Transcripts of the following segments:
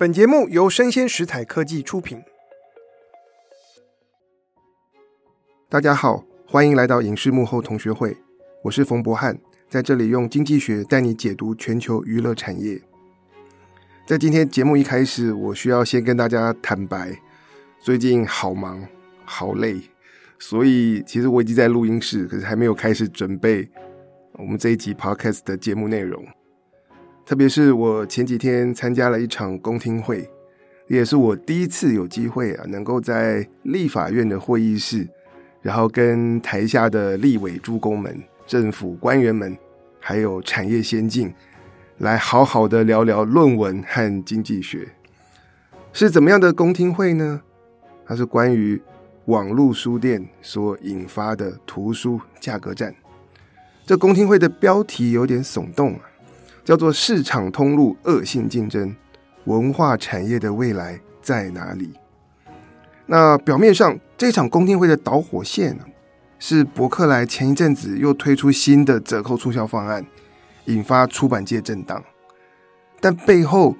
本節目由聲鮮時采科技出品。大家好，歡迎來到影視幕後同學會，我是馮博翰，在這裡用經濟學帶你解讀全球娛樂產業。在今天節目一開始，我需要先跟大家坦白，最近好忙好累，所以其實我已經在錄音室，可是還沒有開始準備我們這一集 podcast 的節目內容。特別是我前幾天參加了一場公聽會，也是我第一次有機會啊，能夠在立法院的會議室，然後跟台下的立委諸公們、政府官員們，還有產業先進，來好好的聊聊論文和經濟學。是怎麼樣的公聽會呢？它是關於網絡書店所引發的圖書價格戰。這公聽會的標題有點聳動啊。叫做市場通路惡性競爭，文化產業的未來在哪裡？那表面上這場公聽會的導火線，啊、是博客來前一陣子又推出新的折扣促銷方案，引發出版界震盪。但背後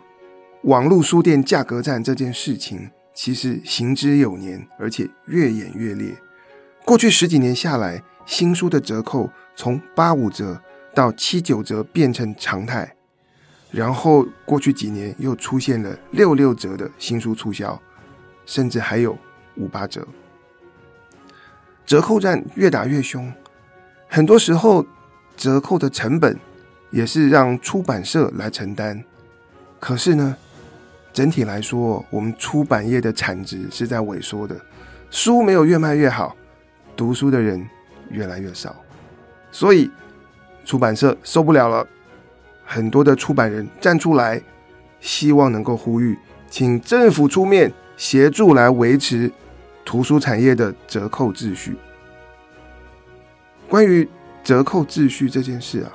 網絡書店價格戰這件事情其實行之有年，而且越演越烈。過去十幾年下來，新書的折扣從八五折。到七九折變成常態，然後過去幾年又出現了六六折的新書促銷，甚至還有五八折。折扣戰越打越凶，很多時候折扣的成本也是讓出版社來承擔。可是呢，整體來說，我們出版業的產值是在萎縮的，書沒有越賣越好，讀書的人越來越少，所以。出版社受不了了，很多的出版人站出來，希望能夠呼籲，請政府出面協助來維持圖書產業的折扣秩序。關於折扣秩序這件事啊，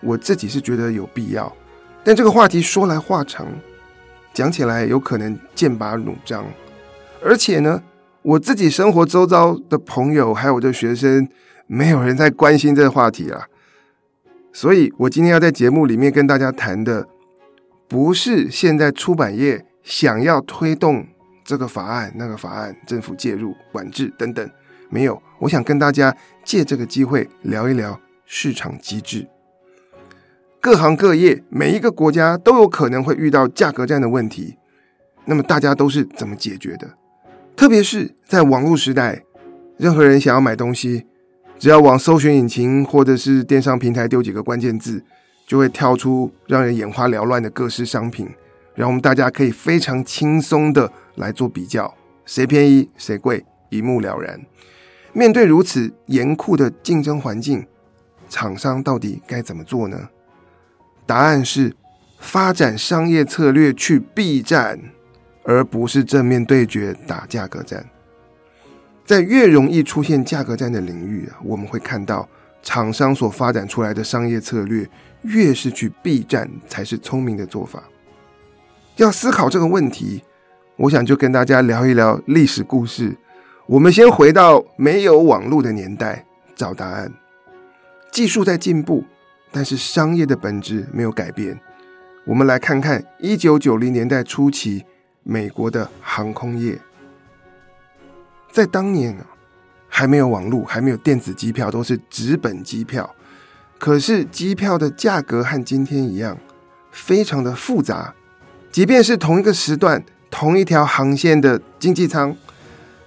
我自己是覺得有必要，但這個話題說來話長，講起來有可能劍拔弩張，而且呢，我自己生活周遭的朋友還有我的學生，沒有人在關心這個話題了。所以，我今天要在節目裡面跟大家談的，不是現在出版業想要推動這個法案、那個法案，政府介入管制等等，沒有。我想跟大家借這個機會聊一聊市場機制。各行各業，每一個國家都有可能會遇到價格戰的問題，那麼大家都是怎麼解決的？特別是在網絡時代，任何人想要買東西。只要往搜尋引擎或者是電商平台丟幾個關鍵字，就會跳出讓人眼花繚亂的各式商品，讓我們大家可以非常輕鬆的來做比較，誰便宜，誰貴，一目了然。面對如此嚴酷的競爭環境，廠商到底該怎麼做呢？答案是發展商業策略去避戰，而不是正面對決打價格戰。在越容易出現價格戰的領域啊，我們會看到廠商所發展出來的商業策略，越是去避戰才是聰明的做法。要思考這個問題，我想就跟大家聊一聊歷史故事。我們先回到沒有網絡的年代，找答案。技術在進步，但是商業的本質沒有改變。我們來看看1990年代初期，美國的航空業。在當年啊，還沒有網絡，還沒有電子機票，都是紙本機票。可是機票的價格和今天一樣，非常的複雜。即便是同一個時段、同一條航線的經濟艙，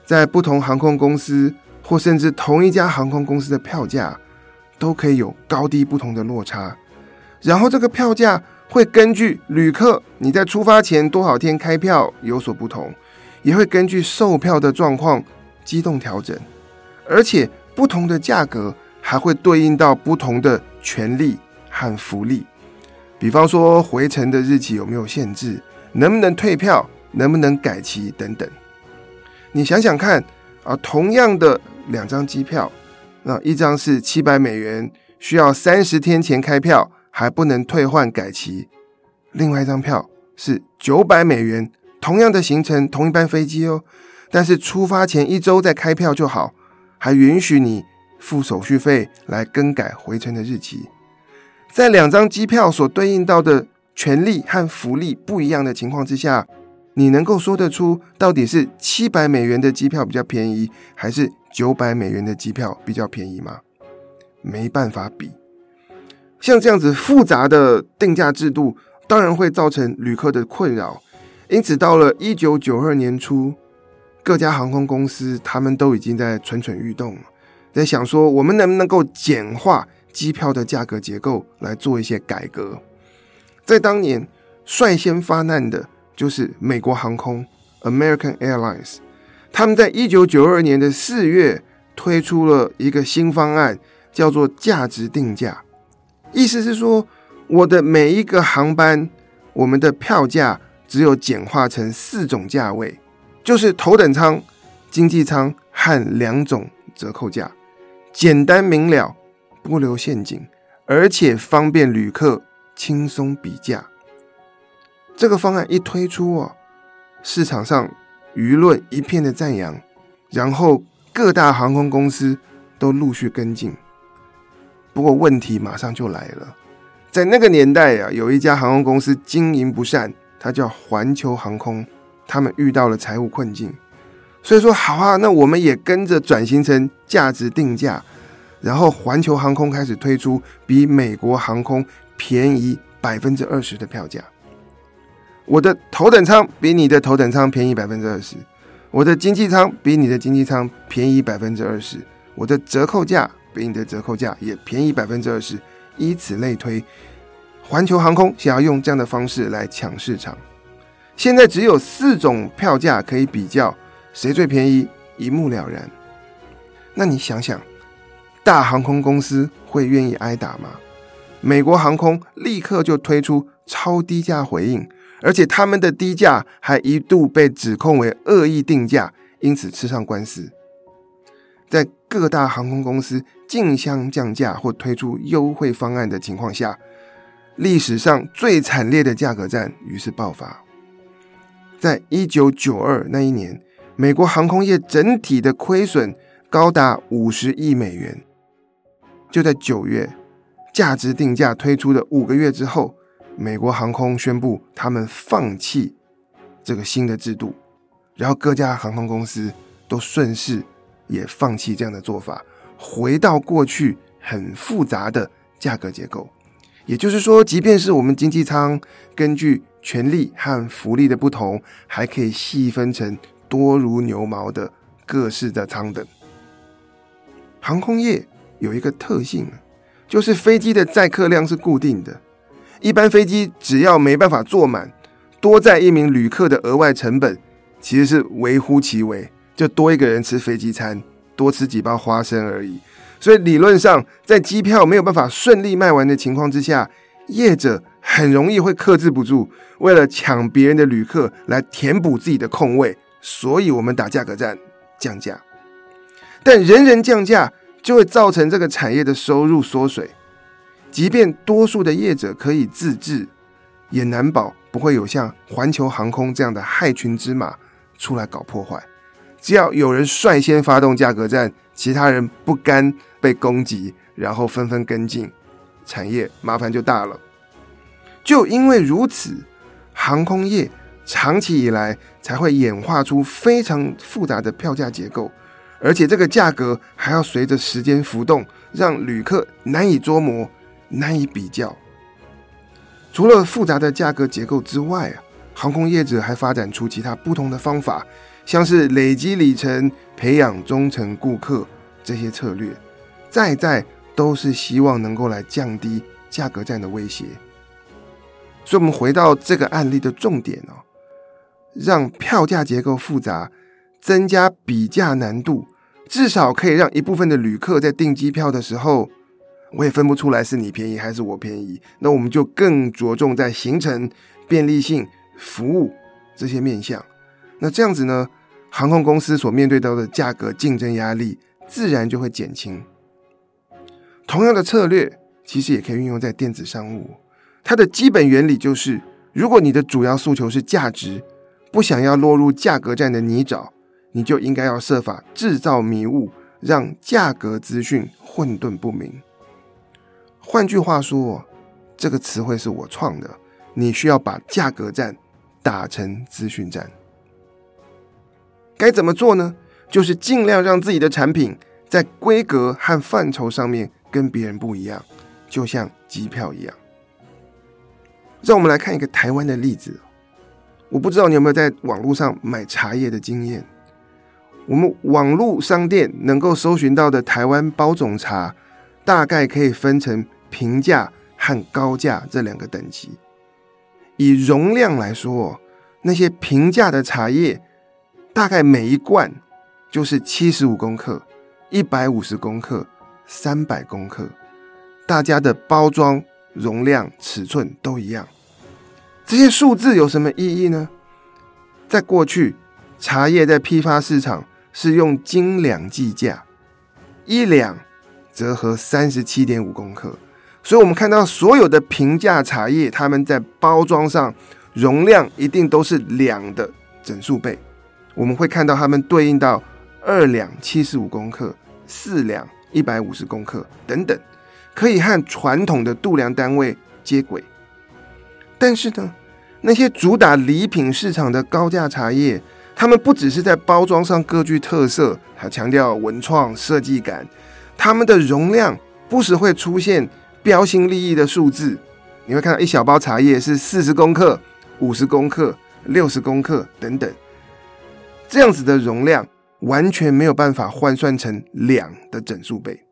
在不同航空公司或甚至同一家航空公司的票價，都可以有高低不同的落差。然後這個票價會根據旅客你在出發前多少天開票有所不同，也會根據售票的狀況。機動調整，而且不同的價格還會對應到不同的權利和福利，比方說回程的日期有沒有限制，能不能退票，能不能改期等等。你想想看啊，同樣的兩張機票，那一張是七百美元，需要三十天前開票，還不能退換改期；另外一張票是九百美元，同樣的行程，同一班飛機哦。但是出發前一周再開票就好，還允許你付手續費來更改回程的日期。在兩張機票所對應到的權利和福利不一樣的情況之下，你能夠說得出到底是七百美元的機票比較便宜，還是九百美元的機票比較便宜嗎？沒辦法比。像這樣子複雜的定價制度，當然會造成旅客的困擾。因此，到了一九九二年初。各家航空公司，他們都已經在蠢蠢欲動了，在想說我們能不能夠簡化機票的價格結構來做一些改革。在當年率先發難的就是美國航空 American Airlines，他們在一九九二年的四月推出了一個新方案，叫做價值定價，意思是說我的每一個航班，我們的票價只有簡化成四種價位。就是頭等艙、經濟艙和兩種折扣價，簡單明了，不留陷阱，而且方便旅客輕鬆比價。這個方案一推出哦，市場上輿論一片的讚揚，然後各大航空公司都陸續跟進。不過問題馬上就來了，在那個年代啊，有一家航空公司經營不善，它叫環球航空。他們遇到了財務困境，所以說好啊，那我們也跟着轉型成價值定價，然後環球航空開始推出比美國航空便宜百分之二十的票價。我的頭等艙比你的頭等艙便宜百分之二十，我的經濟艙比你的經濟艙便宜百分之二十，我的折扣價比你的折扣價也便宜百分之二十，以此類推。環球航空想要用這樣的方式來搶市場。現在只有四種票價可以比較，誰最便宜一目了然。那你想想，大航空公司會願意挨打嗎？美國航空立刻就推出超低價回應，而且他們的低價還一度被指控為惡意定價，因此吃上官司。在各大航空公司競相降價或推出優惠方案的情況下，歷史上最慘烈的價格戰於是爆發。在一九九二那一年，美國航空業整體的虧損高達五十億美元。就在九月，價值定價推出的五個月之後，美國航空宣布他們放棄這個新的制度，然後各家航空公司都順勢也放棄這樣的做法，回到過去很複雜的價格結構。也就是說，即便是我們經濟艙，根據權利和福利的不同，還可以細分成多如牛毛的各式的艙等。航空業有一個特性，就是飛機的載客量是固定的。一般飛機只要沒辦法坐滿，多載一名旅客的額外成本其實是微乎其微，就多一個人吃飛機餐，多吃幾包花生而已。所以理論上，在機票沒有辦法順利賣完的情況之下，業者很容易會克制不住，為了搶別人的旅客來填補自己的空位，所以我們打價格戰，降價。但人人降價，就會造成這個產業的收入縮水。即便多數的業者可以自制，也難保不會有像環球航空這樣的害群之馬出來搞破壞。只要有人率先發動價格戰，其他人不甘被攻擊，然後紛紛跟進，產業麻煩就大了。就因為如此，航空業長期以來才會演化出非常複雜的票價結構，而且這個價格還要隨着時間浮動，讓旅客難以捉摸、難以比較。除了複雜的價格結構之外啊，航空業者還發展出其他不同的方法。像是累積里程、培養忠誠顧客，這些策略，再再都是希望能夠來降低價格戰的威脅。所以，我們回到這個案例的重點哦，讓票價結構複雜，增加比價難度，至少可以讓一部分的旅客在訂機票的時候，我也分不出來是你便宜還是我便宜。那我們就更着重在行程、便利性、服務這些面向。那這樣子呢？航空公司所面對到的價格競爭壓力，自然就會減輕。同樣的策略其實也可以運用在電子商務，它的基本原理就是：如果你的主要訴求是價值，不想要落入價格戰的泥沼，你就應該要設法製造迷霧，讓價格資訊混沌不明。換句話說，這個詞彙是我創的，你需要把價格戰打成資訊戰。該怎麼做呢？就是盡量讓自己的產品在規格和範疇上面跟別人不一樣，就像機票一樣。讓我們來看一個台灣的例子。我不知道你有沒有在網絡上買茶葉的經驗？我們網絡商店能夠搜尋到的台灣包種茶，大概可以分成平價和高價這兩個等級。以容量來說，那些平價的茶葉，大概每一罐就是七十五公克、一百五十公克、三百公克，大家的包裝容量尺寸都一樣。這些數字有什麼意義呢？在過去，茶葉在批發市場是用斤兩計價，一兩折合三十七點五公克，所以我們看到所有的平價茶葉，它們在包裝上容量一定都是兩的整數倍。我們會看到它們對應到二兩七十五公克、四兩一百五十公克等等，可以和傳統的度量單位接軌。但是呢，那些主打禮品市場的高價茶葉，它們不只是在包裝上各具特色，還強調文創設計感。它們的容量不時會出現標新立異的數字，你會看到一小包茶葉是四十公克、五十公克、六十公克等等。這樣子的容量完全沒有辦法換算成兩的整數倍。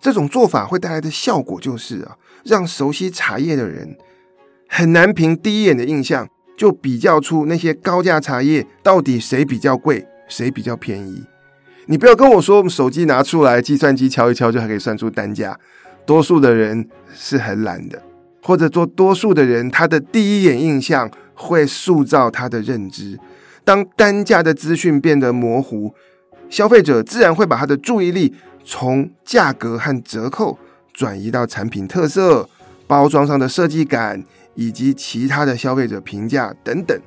這種做法會帶來的效果就是啊，讓熟悉茶葉的人很難憑第一眼的印象就比較出那些高價茶葉到底誰比較貴，誰比較便宜。你不要跟我說我們手機拿出來，計算機敲一敲就還可以算出單價。多數的人是很懶的，或者說多數的人，他的第一眼印象會塑造他的認知。當單價的資訊變得模糊，消費者自然會把他的注意力從價格和折扣轉移到產品特色、包裝上的設計感以及其他的消費者評價等等。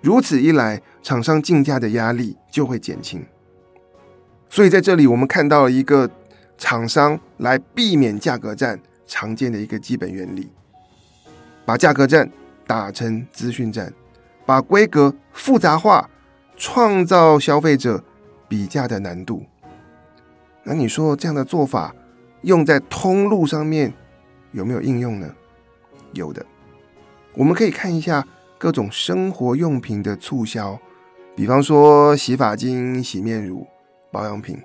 如此一來，廠商競價的壓力就會減輕。所以在這裡，我們看到了一個廠商來避免價格戰常見的一個基本原理：把價格戰打成資訊戰。把規格複雜化，創造消費者比價的難度。那你說這樣的做法用在通路上面有沒有應用呢？有的，我們可以看一下各種生活用品的促銷，比方說洗髮精、洗面乳、保養品，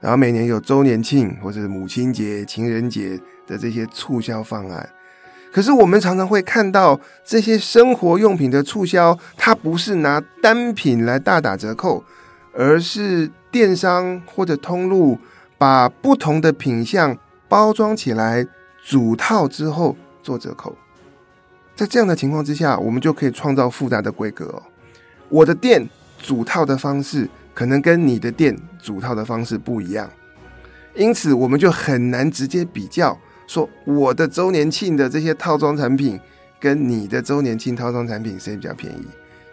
然後每年有周年慶或者母親節、情人節的這些促銷方案。可是我們常常會看到這些生活用品的促銷，它不是拿單品來大打折扣，而是電商或者通路把不同的品項包裝起來，組套之後做折扣。在這樣的情況之下，我們就可以創造複雜的規格哦。我的店組套的方式可能跟你的店組套的方式不一樣，因此我們就很難直接比較。說我的周年慶的這些套裝產品跟你的周年慶套裝產品誰比較便宜，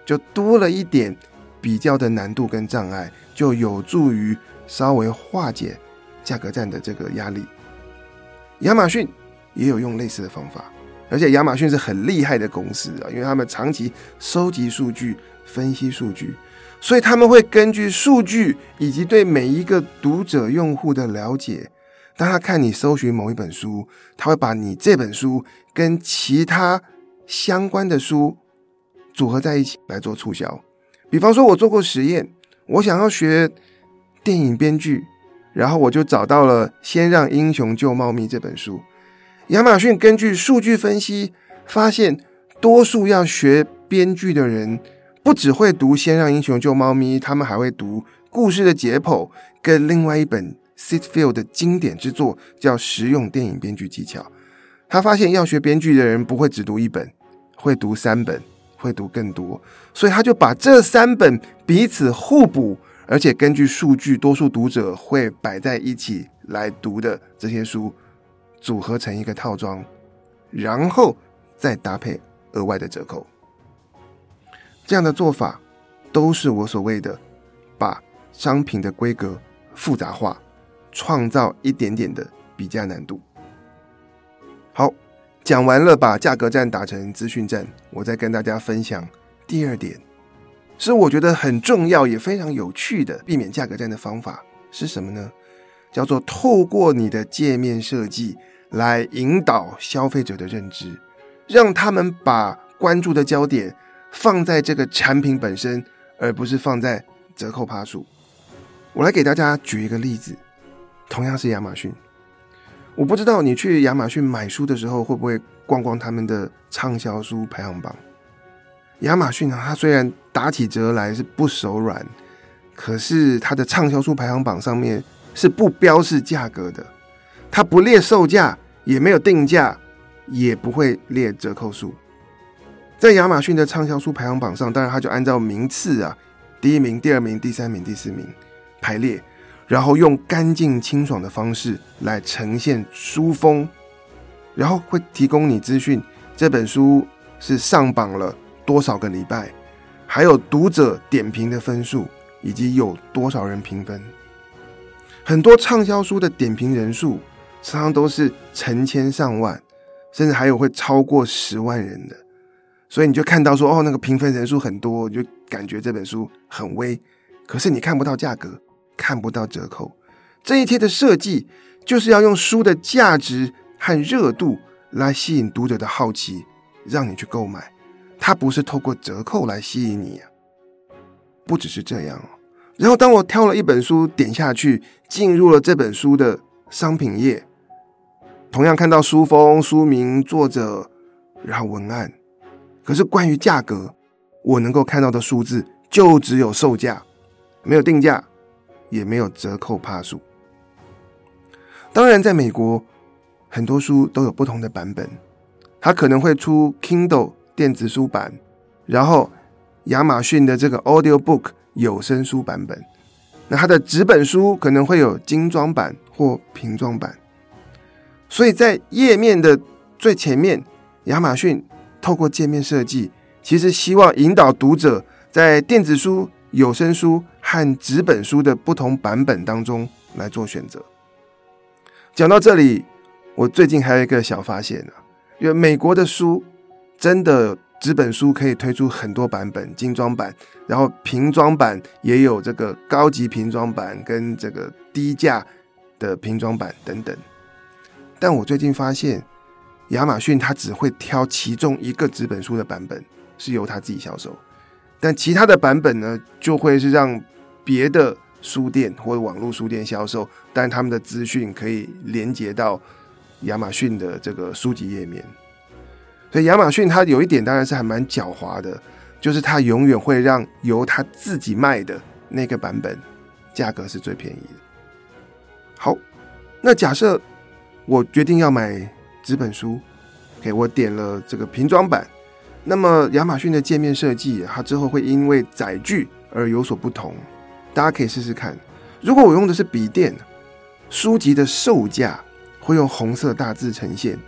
就多了一點比較的難度跟障礙，就有助於稍微化解價格戰的這個壓力。亞馬遜也有用類似的方法，而且亞馬遜是很厲害的公司啊，因為他們長期收集數據、分析數據，所以他們會根據數據以及對每一個讀者用戶的了解。當他看你搜尋某一本書，他會把你這本書跟其他相關的書組合在一起來做促銷。比方說，我做過實驗，我想要學電影編劇，然後我就找到了《先讓英雄救貓咪》這本書。亞馬遜根據數據分析發現，多數要學編劇的人不只會讀《先讓英雄救貓咪》，他們還會讀《故事的解剖》跟另外一本。Syd Field 的經典之作叫《實用電影編劇技巧》。他發現要學編劇的人不會只讀一本，會讀三本，會讀更多。所以他就把這三本彼此互補，而且根據數據，多數讀者會擺在一起來讀的這些書組合成一個套裝，然後再搭配額外的折扣。這樣的做法都是我所謂的把商品的規格複雜化。創造一點點的比價難度。好，講完了把價格戰打成資訊戰，我再跟大家分享第二點，是我覺得很重要也非常有趣的避免價格戰的方法是什麼呢？叫做透過你的界面設計來引導消費者的認知，讓他們把關注的焦點放在這個產品本身，而不是放在折扣趴數。我來給大家舉一個例子。同樣是亞馬遜，我不知道你去亞馬遜買書的時候會不會逛逛他們的暢銷書排行榜。亞馬遜啊，它雖然打起折來是不手軟，可是它的暢銷書排行榜上面是不標示價格的，它不列售價，也沒有定價，也不會列折扣數。在亞馬遜的暢銷書排行榜上，當然它就按照名次啊，第一名、第二名、第三名、第四名排列。然後用乾淨清爽的方式來呈現書風，然後會提供你資訊。這本書是上榜了多少個禮拜，還有讀者點評的分數，以及有多少人評分。很多暢銷書的點評人數，常常都是成千上萬，甚至還有會超過十萬人的。所以你就看到說，哦，那個評分人數很多，就感覺這本書很威，可是你看不到價格，看不到折扣，這一切的設計就是要用書的價值和熱度來吸引讀者的好奇，讓你去購買。它不是透過折扣來吸引你啊。不只是這樣哦。然後當我挑了一本書點下去，進入了這本書的商品頁，同樣看到書封、書名、作者，然後文案。可是關於價格，我能夠看到的數字就只有售價，沒有定價，也沒有折扣趴數。當然，在美國，很多書都有不同的版本，它可能會出 Kindle 電子書版，然後亞馬遜的這個 Audiobook 有聲書版本。那它的紙本書可能會有精裝版或平裝版。所以在頁面的最前面，亞馬遜透過界面設計，其實希望引導讀者在電子書、有聲書。和紙本書的不同版本當中來做選擇。講到這裡，我最近還有一個小發現啊，因為美國的書真的紙本書可以推出很多版本，精裝版，然後平裝版也有這個高級平裝版跟這個低價的平裝版等等。但我最近發現，亞馬遜它只會挑其中一個紙本書的版本是由它自己銷售，但其他的版本呢，就會是讓。別的書店或者網絡書店銷售，但他們的資訊可以連接到亞馬遜的這個書籍頁面。所以亞馬遜它有一點當然是還蠻狡猾的，就是它永遠會讓由它自己賣的那個版本價格是最便宜的。好，那假設我決定要買紙本書給、OK, 我點了這個平裝版，那麼亞馬遜的界面設計它之後會因為載具而有所不同。大家可以試試看，如果我用的是筆電，書籍的售價會用紅色大字呈現，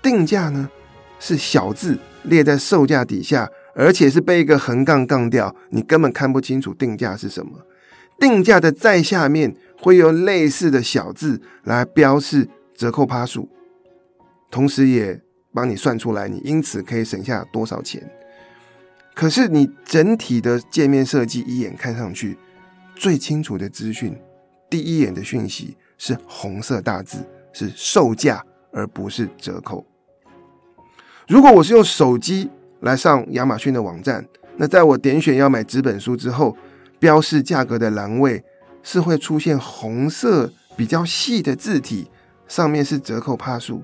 定價呢是小字列在售價底下，而且是被一個橫槓槓掉，你根本看不清楚定價是什麼。定價的再下面會用類似的小字來標示折扣趴數，同時也幫你算出來，你因此可以省下多少錢。可是你整體的界面設計一眼看上去。最清楚的資訊，第一眼的訊息是紅色大字，是售價而不是折扣。如果我是用手機來上亞馬遜的網站，那在我點選要買紙本書之後，標示價格的欄位是會出現紅色比較細的字體，上面是折扣趴數，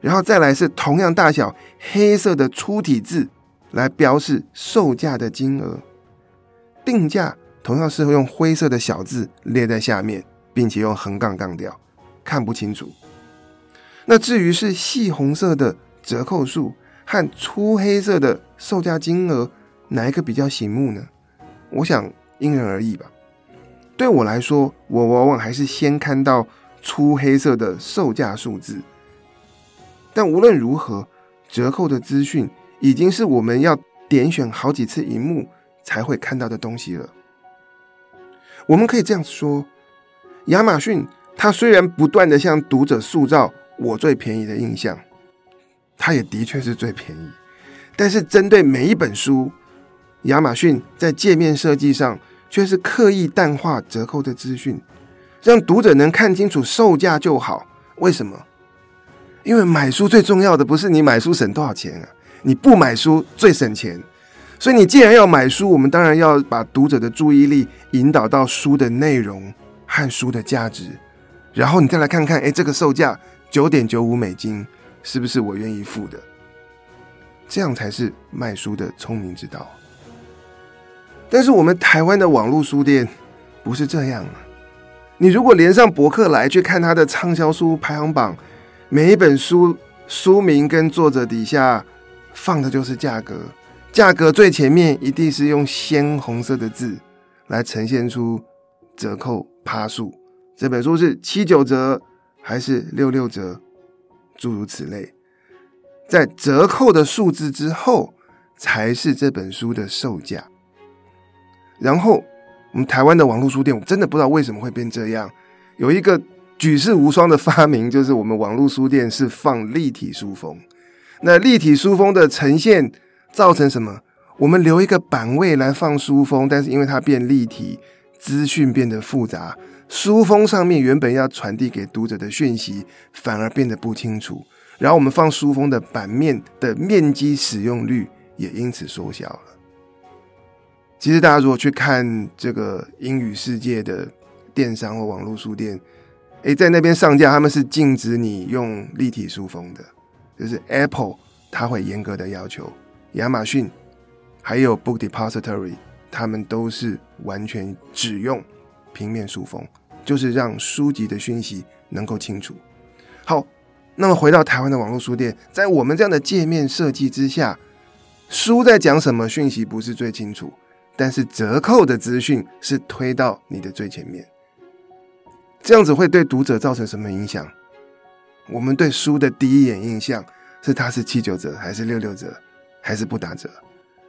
然後再來是同樣大小黑色的粗體字來標示售價的金額定價。同樣是會用灰色的小字列在下面，並且用橫槓槓掉，看不清楚。那至於是細紅色的折扣數和粗黑色的售價金額，哪一個比較醒目呢？我想因人而異吧。對我來說，我往往還是先看到粗黑色的售價數字。但無論如何，折扣的資訊已經是我們要點選好幾次熒幕才會看到的東西了。我們可以這樣子說，亞馬遜它雖然不斷地向讀者塑造“我最便宜”的印象，它也的確是最便宜。但是針對每一本書，亞馬遜在界面設計上卻是刻意淡化折扣的資訊，讓讀者能看清楚售價就好。為什麼？因為買書最重要的不是你買書省多少錢啊，你不買書最省錢。所以你既然要買書，我們當然要把讀者的注意力引導到書的內容和書的價值，然後你再來看看，哎、欸，這個售價九點九五美金是不是我願意付的？這樣才是賣書的聰明之道。但是我們台灣的網絡書店不是這樣，你如果連上博客來去看它的暢銷書排行榜，每一本書書名跟作者底下放的就是價格。價格最前面一定是用鮮紅色的字來呈現出折扣趴數。這本書是七九折還是六六折，諸如此類。在折扣的數字之後，才是這本書的售價。然後，我們台灣的網絡書店，我真的不知道為什麼會變這樣。有一個舉世無雙的發明，就是我們網絡書店是放立體書封。那立體書封的呈現。造成什麼？我們留一個版位來放書封，但是因為它變立體，資訊變得複雜，書封上面原本要傳遞給讀者的訊息反而變得不清楚。然後我們放書封的版面的面積使用率也因此縮小了。其實大家如果去看這個英語世界的電商或網絡書店，誒，在那邊上架，他們是禁止你用立體書封的，就是 Apple，他會嚴格的要求。亞馬遜，還有 Book Depository，他們都是完全只用平面書封，就是讓書籍的訊息能夠清楚。好，那麼回到台灣的網絡書店，在我們這樣的界面設計之下，書在講什麼訊息不是最清楚，但是折扣的資訊是推到你的最前面。這樣子會對讀者造成什麼影響？我們對書的第一眼印象是它是七九折還是六六折？還是不打折，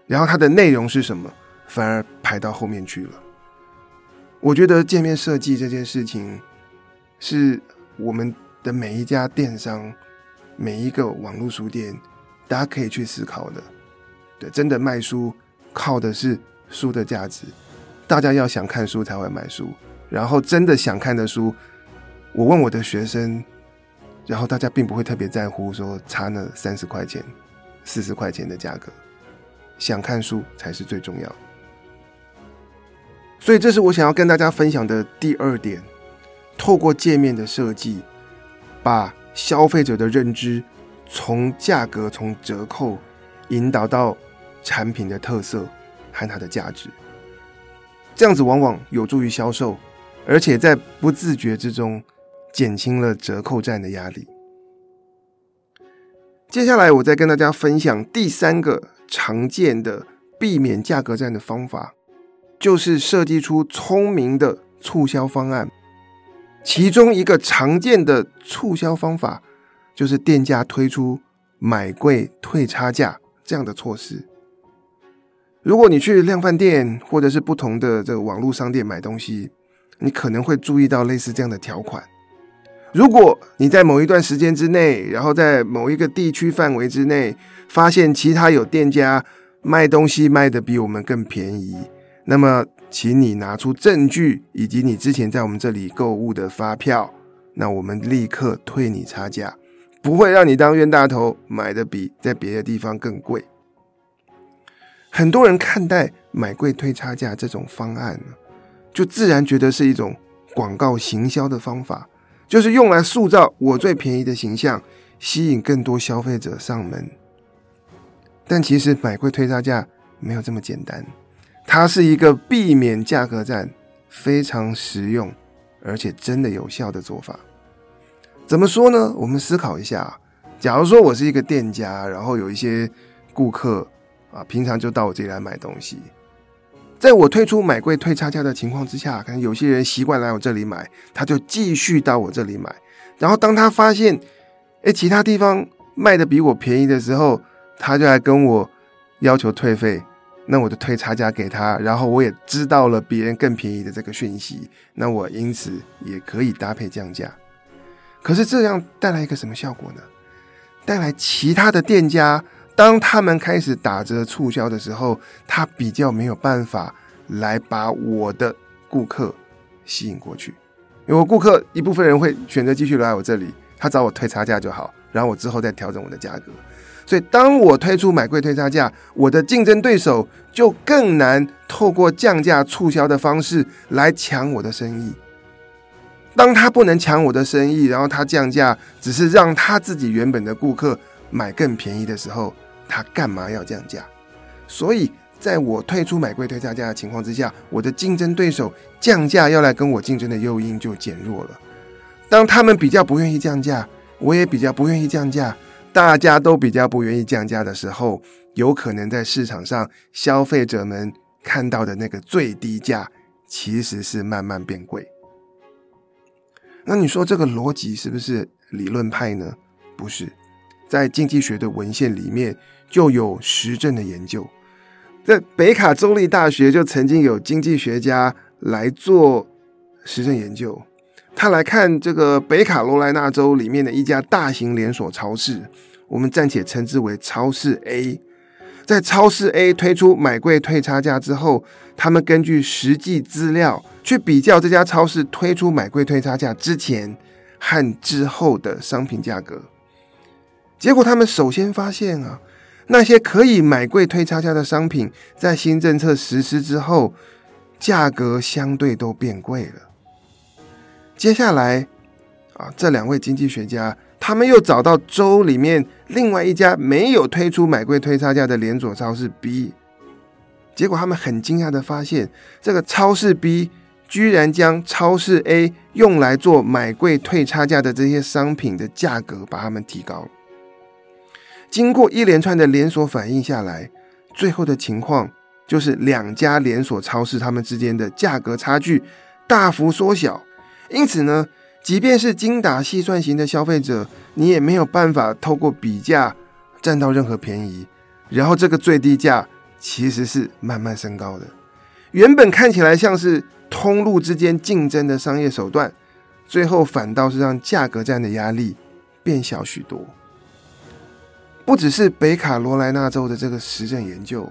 然後它的內容是什麼，反而排到後面去了。我覺得界面設計這件事情，是我們的每一家電商、每一個網絡書店，大家可以去思考的。對，真的賣書靠的是書的價值，大家要想看書才會買書，然後真的想看的書，我問我的學生，然後大家並不會特別在乎說差那三十塊錢。四十塊錢的價格，想看書才是最重要。所以，這是我想要跟大家分享的第二點，透過界面的設計，把消費者的認知從價格、從折扣引導到產品的特色和它的價值。這樣子往往有助於銷售，而且在不自覺之中減輕了折扣戰的壓力。接下來我再跟大家分享第三個常見的避免價格戰的方法，就是設計出聰明的促銷方案。其中一個常見的促銷方法，就是店家推出買貴退差價這樣的措施。如果你去量販店或者是不同的這個網絡商店買東西，你可能會注意到類似這樣的條款。如果你在某一段時間之內，然後在某一個地區範圍之內發現其他有店家賣東西賣的比我們更便宜，那麼請你拿出證據以及你之前在我們這裡購物的發票，那我們立刻退你差價，不會讓你當冤大頭買的比在別的地方更貴。很多人看待買貴退差價這種方案呢，就自然覺得是一種廣告行銷的方法。就是用來塑造我最便宜的形象，吸引更多消費者上門。但其實買貴退差價沒有這麼簡單，它是一個避免價格戰，非常實用，而且真的有效的做法。怎麼說呢？我們思考一下，假如說我是一個店家，然後有一些顧客啊，平常就到我這裡來買東西。在我推出買貴退差價的情況之下，可能有些人習慣來我這裡買，他就繼續到我這裡買。然後當他發現，誒，欸，其他地方賣得比我便宜的時候，他就來跟我要求退費，那我就退差價給他。然後我也知道了別人更便宜的這個訊息，那我因此也可以搭配降價。可是這樣帶來一個什麼效果呢？帶來其他的店家。當他們開始打折促銷的時候，他比較沒有辦法來把我的顧客吸引過去。因為我顧客一部分人會選擇繼續來我這裡，他找我退差價就好，然後我之後再調整我的價格。所以，當我推出買貴退差價，我的競爭對手就更難透過降價促銷的方式來搶我的生意。當他不能搶我的生意，然後他降價，只是讓他自己原本的顧客買更便宜的時候。他幹嘛要降價？所以，在我推出買貴退差價的情況之下，我的競爭對手降價要來跟我競爭的誘因就減弱了。當他們比較不願意降價，我也比較不願意降價，大家都比較不願意降價的時候，有可能在市場上消費者們看到的那個最低價其實是慢慢變貴。那你說這個邏輯是不是理論派呢？不是，在經濟學的文獻裡面。就有實證的研究，在北卡州立大學就曾經有經濟學家來做實證研究。他來看這個北卡羅來納州裡面的一家大型連鎖超市，我們暫且稱之為超市 A。在超市 A 推出買貴退差價之後，他們根據實際資料去比較這家超市推出買貴退差價之前和之後的商品價格。結果他們首先發現啊。那些可以買貴退差價的商品，在新政策實施之後，價格相對都變貴了。接下來，啊，這兩位經濟學家，他們又找到州裡面另外一家沒有推出買貴退差價的連鎖超市 B，結果他們很驚訝的發現，這個超市 B 居然將超市 A 用來做買貴退差價的這些商品的價格，把它們提高了。經過一連串的連鎖反應下來，最後的情況就是兩家連鎖超市它們之間的價格差距大幅縮小。因此呢，即便是精打細算型的消費者，你也沒有辦法透過比價佔到任何便宜。然後，這個最低價其實是慢慢升高的。原本看起來像是通路之間競爭的商業手段，最後反倒是讓價格戰的壓力變小許多。不只是北卡羅來納州的這個實證研究，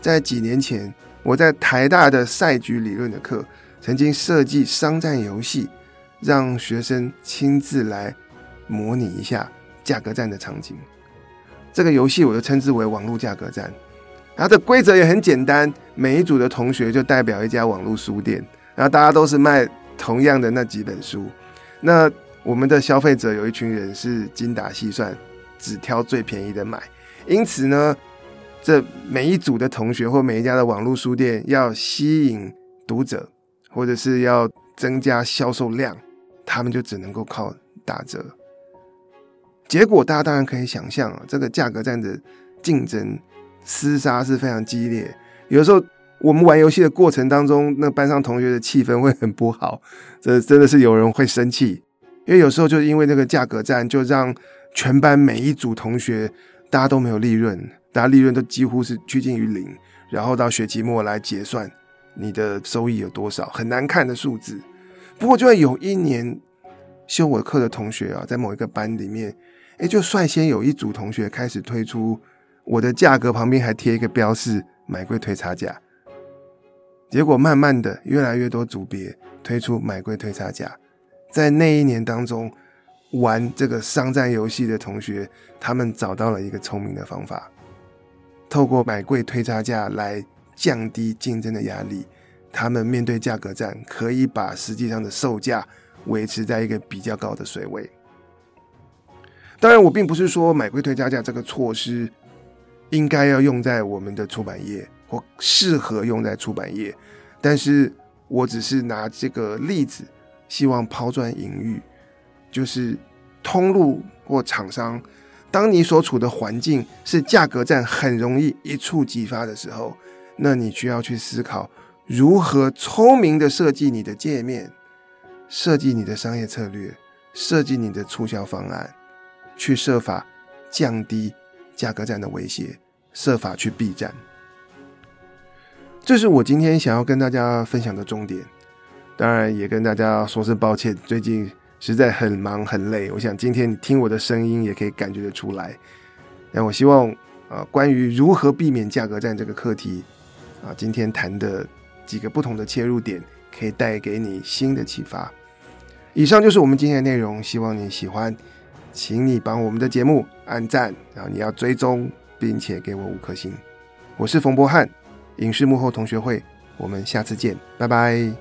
在幾年前，我在台大的賽局理論的課，曾經設計商戰遊戲，讓學生親自來模擬一下價格戰的場景。這個遊戲我就稱之為網絡價格戰。它的規則也很簡單，每一組的同學就代表一家網絡書店，然後大家都是賣同樣的那幾本書。那我們的消費者有一群人是精打細算。只挑最便宜的買，因此呢，這每一組的同學或每一家的網絡書店要吸引讀者，或者是要增加銷售量，他們就只能夠靠打折。結果大家當然可以想象，這個價格戰的競爭廝殺是非常激烈。有時候我們玩遊戲的過程當中，那班上同學的氣氛會很不好，這真的是有人會生氣，因為有時候就是因為那個價格戰就讓全班每一組同學，大家都沒有利潤，大家利潤都幾乎是趨近於零。然後到學期末來結算，你的收益有多少？很難看的數字。不過就在有一年修我課的同學啊，在某一個班裡面，誒，就率先有一組同學開始推出我的價格旁邊還貼一個標示“買貴退差價”。結果慢慢的，越來越多組別推出“買貴退差價”。在那一年當中。玩這個商戰遊戲的同學，他們找到了一個聰明的方法，透過買貴退差價來降低競爭的壓力。他們面對價格戰，可以把實際上的售價維持在一個比較高的水位。當然，我並不是說買貴退差價這個措施應該要用在我們的出版業或適合用在出版業，但是我只是拿這個例子，希望拋磚引玉。就是通路或廠商，當你所處的環境是價格戰很容易一觸即發的時候，那你需要去思考如何聰明的設計你的界面，設計你的商業策略，設計你的促銷方案，去設法降低價格戰的威脅，設法去避戰。這是我今天想要跟大家分享的重點，當然也跟大家說聲抱歉，最近。實在很忙很累，我想今天你聽我的聲音也可以感覺得出來。那我希望，呃，關於如何避免價格戰這個課題，啊，今天談的幾個不同的切入點，可以帶給你新的啟發。以上就是我們今天的內容，希望你喜歡。請你幫我們的節目按讚，然後你要追蹤並且給我五顆星。我是馮博漢，影視幕後同學會，我們下次見，拜拜。